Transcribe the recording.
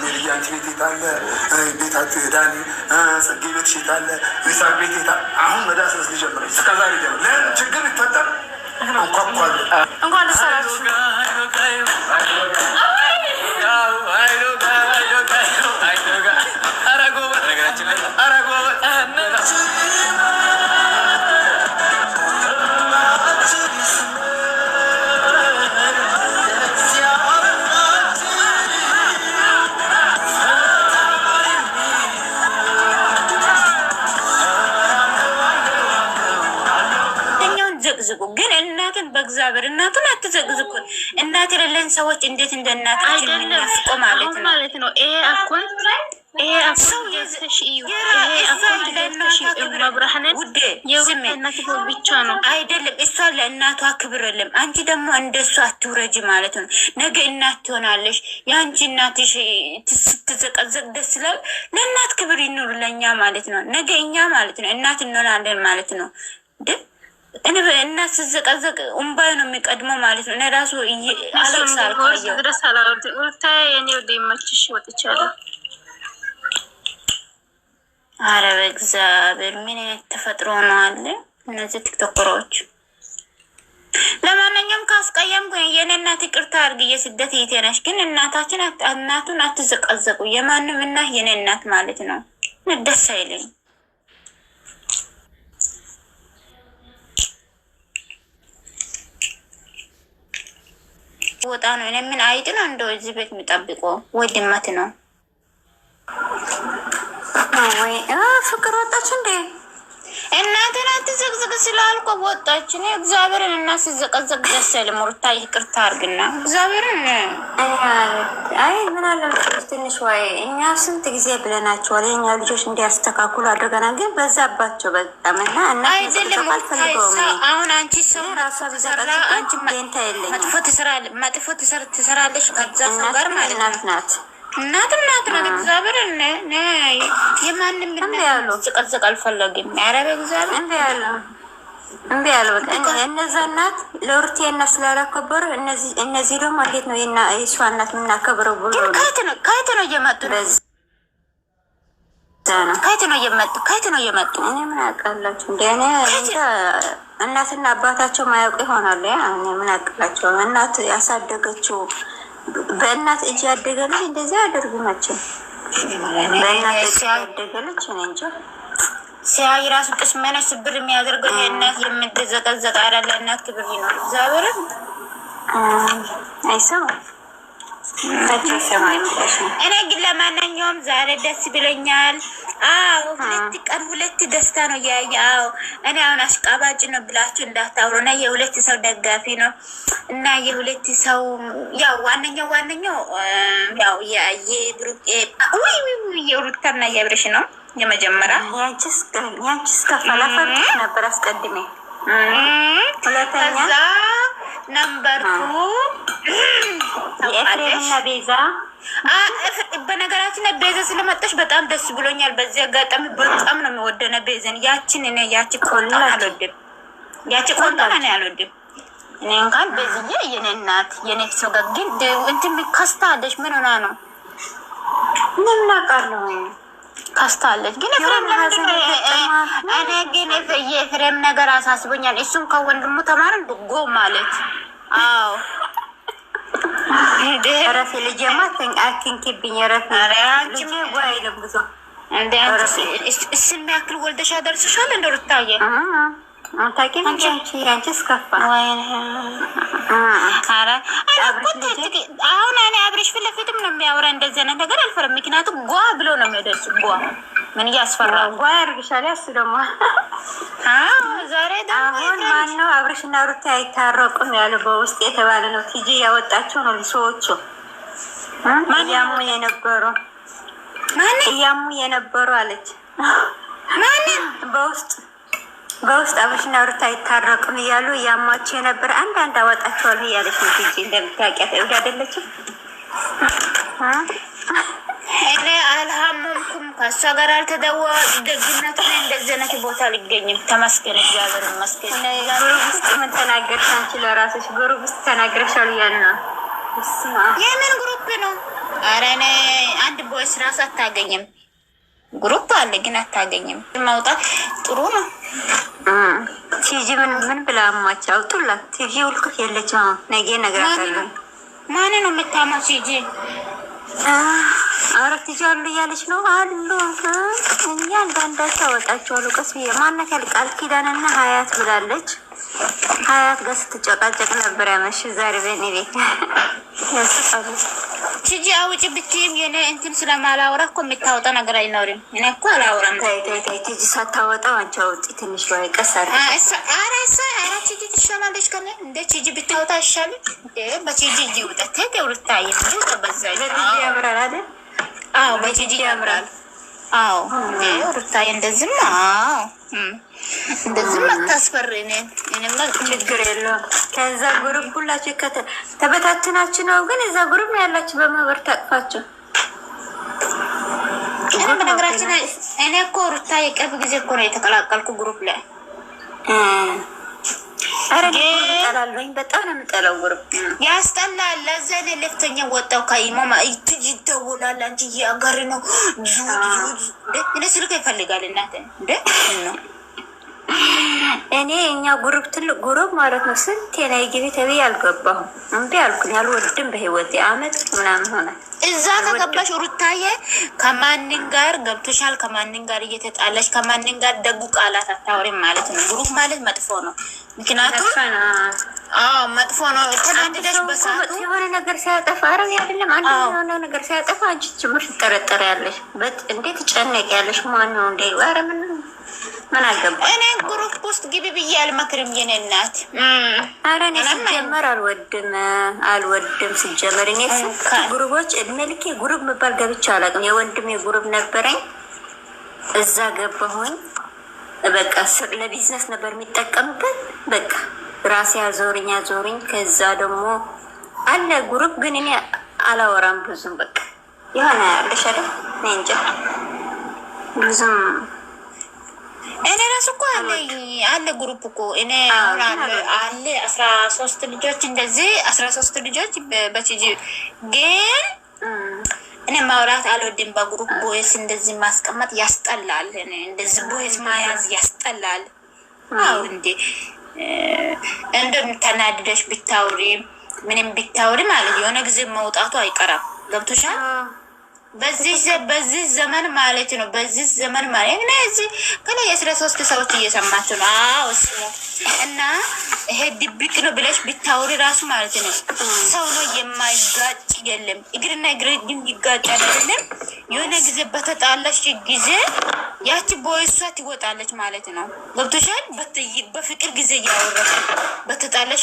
ሜልያ አንቺ ቤት የታለ? ቤታት ዳኒ ጽጌ ቤት የታለ? ይሳቅ ቤት የታ? አሁን መዳሰስ ሊጀምረች እስከዛሬ ጀምረ ለምን ችግር ይፈጠር እንኳን እንኳን እናትን በእግዚአብሔር እናቱን አትዘግዝ እኮ እናት የሌለን ሰዎች እንዴት እንደ እናታችን የምናፍቆ ማለት ነው ማለት ነው። ይሄ አኩን ይሄ አኩን ብቻ ነው አይደለም። እሷ ለእናቷ ክብር የለም። አንቺ ደግሞ እንደ እሷ አትውረጅ ማለት ነው። ነገ እናት ትሆናለሽ። የአንቺ እናትሽ ስትዘቀዘቅ ደስ ስላል ለእናት ክብር ይኑር ለእኛ ማለት ነው። ነገ እኛ ማለት ነው እናት እንሆናለን ማለት ነው። እና ስዘቀዘቅ እምባዬ ነው የሚቀድመው ማለት ነው። እኔ አረ በእግዚአብሔር ምን ተፈጥሮ ነው አለ እነዚህ ለማንኛውም የኔ እናት ይቅርታ አድርግ። የስደት ግን እናታችን እናቱን አትዘቀዘቁ። የማንም እናት የኔ እናት ማለት ነው። ደስ አይለኝ ወጣ ነው። እኔ ምን አይጥ ነው እንደ እዚህ ቤት የሚጠብቆ ወይ ድመት ነው ወይ ፍቅር ወጣች እንዴ? እናቴን አትዘቅዝቅ ስላልኮ ወጣች። እኔ እግዚአብሔርን እና ስዘቀዘቅ ደስ አይልም። ሩታ ይቅርታ አድርግና እግዚአብሔርን አይ ምን አለ ትንሽ ወይ እኛ ስንት ጊዜ ብለናቸዋል። የኛ ልጆች እንዲያስተካክሉ አድርገናል፣ ግን በዛባቸው በጣም እና አይደለም። አሁን አንቺ ሰው ሰራ አንቺ መጥፎ ትሰራለሽ ከዛ ሰው ጋር ማለት ናት እናት እናት ናት። እግዚአብሔር የማንም ጭቅጭቅ አልፈለግም። ያረበ እግዚአብሔር እንዲ ያለ በቃ እነዛ እናት ስላላከበሩ እነዚህ ደግሞ እንዴት ነው የእሷ እናት የምናከብረው ብሎ ከየት ነው እየመጡ ከየት ነው እየመጡ ከየት ነው እየመጡ እኔ ምን እንደ እኔ እናትና አባታቸው ማያውቁ ይሆናሉ። ያ እኔ ምን አውቃላቸው? እናት ያሳደገችው በእናት እጅ ያደገ ልጅ እንደዚህ አያደርጉማቸው። በእናት እጅ ያደገ ልጅ እንጂ ሲያይ ራሱ ቅስመነች ስብር የሚያደርገው የእናት የምትዘቀዘቅ አይደለ? እናት ክብር ነው። እግዚአብሔርን አይሰማም። እኔ ግን ለማንኛውም ዛሬ ደስ ብለኛል። አዎ ሁለት ቀን ሁለት ደስታ ነው እያየ። አዎ እኔ አሁን አሽቃባጭ ነው ብላችሁ እንዳታውሩ እና የሁለት ሰው ደጋፊ ነው እና የሁለት ሰው ያው ዋነኛው ዋነኛው ያው የግሩፕ ወይ ወይ የብርሽ ነው የመጀመሪያ ያንቺስ ያንቺስ ከፈለፈ ነበር አስቀድሜ ሁለተኛ ነምበር ቱ ኤፍሬምና ቤዛ። በነገራችን ቤዛ ስለመጣች በጣም ደስ ብሎኛል። በዚህ አጋጣሚ በጣም ነው የሚወደነ ቤዘን ያችን እኔ ያች ቆጣ አልወድም፣ ያች ቆጣ እኔ አልወድም። እኔ እንኳን ቤዝዬ የኔ እናት የኔ ሰው ጋር ግን እንትን ከስታለች። ምን ሆና ነው ምን እናውቃለሁ አለች። ግን እኔ ግን የፍሬም ነገር አሳስቦኛል። እሱም ከወንድሙ ተማርን ድጎ ማለት አዎ እንዴ ልጄማ አትንኪብኝ። እረፍ ልጄ አይልም ብዙ እንደ እስም ያክል ወልደሽ አደርስሻል። እንደ ሩታዬ አንቺስ ከፋ። አሁን እኔ አብሬሽ ፊት ለፊትም ነው የሚያወራ እንደዚህ ዓይነት ነገር አልፈረም። ምክንያቱም ጓ ብሎ ነው የሚደርሱ ጓ ምን እያስፈራ ጓ ያርግሻል። ያስ ደግሞ ዛሬ ደግሞ ማን ነው አብረሽና ሩቴ አይታረቁም ያለ በውስጥ የተባለ ነው። ቲጂ ያወጣቸው ነው። ሰዎቹ እያሙ የነበሩ ማን እያሙ የነበሩ አለች። ማን በውስጥ በውስጥ አብረሽና ሩት አይታረቁም እያሉ እያሟቸው የነበረ አንዳንድ አወጣቸዋል እያለች ነው ቲጂ። እንደምታውቂያት እብድ አይደለችም። አልሀመምኩም። ከእሷ ጋር አልተደወል ደግነቱ ላይ እንደዚህ ዓይነት ቦታ አልገኝም። ተመስገን እግዚአብሔር ይመስገን። ግሩብ ውስጥ ምን ተናገርሽ አንቺ? ለራስሽ ግሩብ ውስጥ ተናግረሻል እያልን የምን ግሩፕ ነው? ኧረ እኔ አንድ ቦይስ ራሱ አታገኝም። ግሩፕ አለ ግን አታገኝም። ማውጣት ጥሩ ነው። ቲጂ ምን ምን ብላ አማች አውጡላት። ቲጂ ውልክፍ የለችም። ነገ እነግራታለሁ። ማንን ነው የምታማ ቲጂ አረፍ ትጃሉ እያለች ነው አሉ። እያንዳንዳቸው አወጣቸዋለሁ ቀስ ብዬ። ማናት ያል ቃል ኪዳንና ሀያት ብላለች። ሀያት ጋር ስትጨቃጨቅ ነበር ያመሽ ዛሬ በእኔ ቤት ያስቃሉ። ሂጂ አውጪ ብትይም የኔ እንትን ስለማላወራ እኮ የምታወጣ ነገር አይኖርም። እኔ እኮ አላውራም። ተይ ተይ ተይ፣ ሂጂ ሳታወጣው አንቺ አውጪ ትንሽ ወይ ቀስ አረ አረ አረ ሂጂ ትሻላለች ከኔ እንደ ሂጂ ብታወጣ ይሻላል። በሂጂ ሂጂ ውጠት ተይ ተውልታ ይሄ ተበዛይ ለዚህ ያብራራል አዎ በጂጂ ያምራል። አዎ ሩታዬ፣ እንደዚህም አዎ እንደዚህም አታስፈሪ። እኔ እኔማ ችግር የለውም። ከዛ ጉሩብ ሁላችሁ ከተ ተበታትናችሁ ነው ግን እዛ ጉሩብ ነው ያላችሁ በማህበር ታቅፋችሁ። እኔ በነገራችን እኔ እኮ ሩታዬ ቅርብ ጊዜ እኮ ነው የተቀላቀልኩ ግሩፕ ላይ ጠላለኝ በጣም ነው የምጠላው። ያስጠላል። ለዛ ለለፍተኛ ወጣው ከይማማ ትጅ ይደውላል። አንቺ እያገር ነው ስልክ ይፈልጋል እናት ነው እኔ እኛ ጉሩብ ትልቅ ጉሩብ ማለት ነው። ስንቴ ናይ ግቢ ተብዬ አልገባሁም። እምቢ አልኩኝ። አልወድም በህይወት አመት ምናምን ሆነ። እዛ ከገባሽ ሩታዬ ከማንን ጋር ገብቶሻል? ከማንን ጋር እየተጣለሽ፣ ከማንን ጋር ደጉ ቃላት አታውሪም ማለት ነው። ጉሩብ ማለት መጥፎ ነው። ምክንያቱም አዎ መጥፎ ነው። ተናንደሽ በሰዓቱ የሆነ ነገር ሲያጠፋ አረብ አይደለም አንድ የሆነ ነገር ሲያጠፋ አንቺ ጭምር ትጠረጠሪያለሽ። እንዴት ጨነቅ ያለሽ ማን ነው እንደ አረምን እኔ ግሩፕ ውስጥ ግቢ ብዬ አልመክርም። የኔ እናት ኧረ እኔ ሲጀመር አልወድም አልወድም። ሲጀመር እኔ ጉሩቦች እድሜ ልኬ ጉሩብ መባል ገብቼ አላውቅም። የወንድሜ ጉሩብ ነበረኝ፣ እዛ ገባሁኝ። በቃ ለቢዝነስ ነበር የሚጠቀምበት። በቃ ራሴ አዞርኝ አዞርኝ። ከዛ ደግሞ አለ ጉሩብ፣ ግን እኔ አላወራም ብዙም። በቃ የሆነ ልሸለ እንጃ ብዙም እኔ ራሱ እኮ አለ አለ ግሩፕ እኮ እኔ አሁን አለ አለ አስራ ሶስት ልጆች እንደዚህ አስራ ሶስት ልጆች በቲጂ ግን እኔ ማውራት አልወድም። በግሩፕ ቦይስ እንደዚህ ማስቀመጥ ያስጠላል። እኔ እንደዚህ ቦይስ ማያዝ ያስጠላል። አው እንዴ እንደም ተናድደሽ ብታውሪ ምንም ብታውሪ ማለት የሆነ ጊዜ መውጣቱ አይቀራም። ገብቶሻል? በዚህ ዘመን ማለት ነው። በዚህ ዘመን ማለት ነው። እዚህ ከላይ የስለ ሶስት ሰዎች እየሰማችሁ ነው። አዎ እሱ ነው እና ይሄ ድብቅ ነው ብለሽ ብታወሪ ራሱ ማለት ነው ሰው ነው የማይጋጭ የለም። እግርና እግር ግን ይጋጫል አይደለም። የሆነ ጊዜ በተጣላሽ ጊዜ ያቺ በወይሷ ትወጣለች ማለት ነው። ገብቶሻል? በፍቅር ጊዜ እያወራሽ በተጣላሽ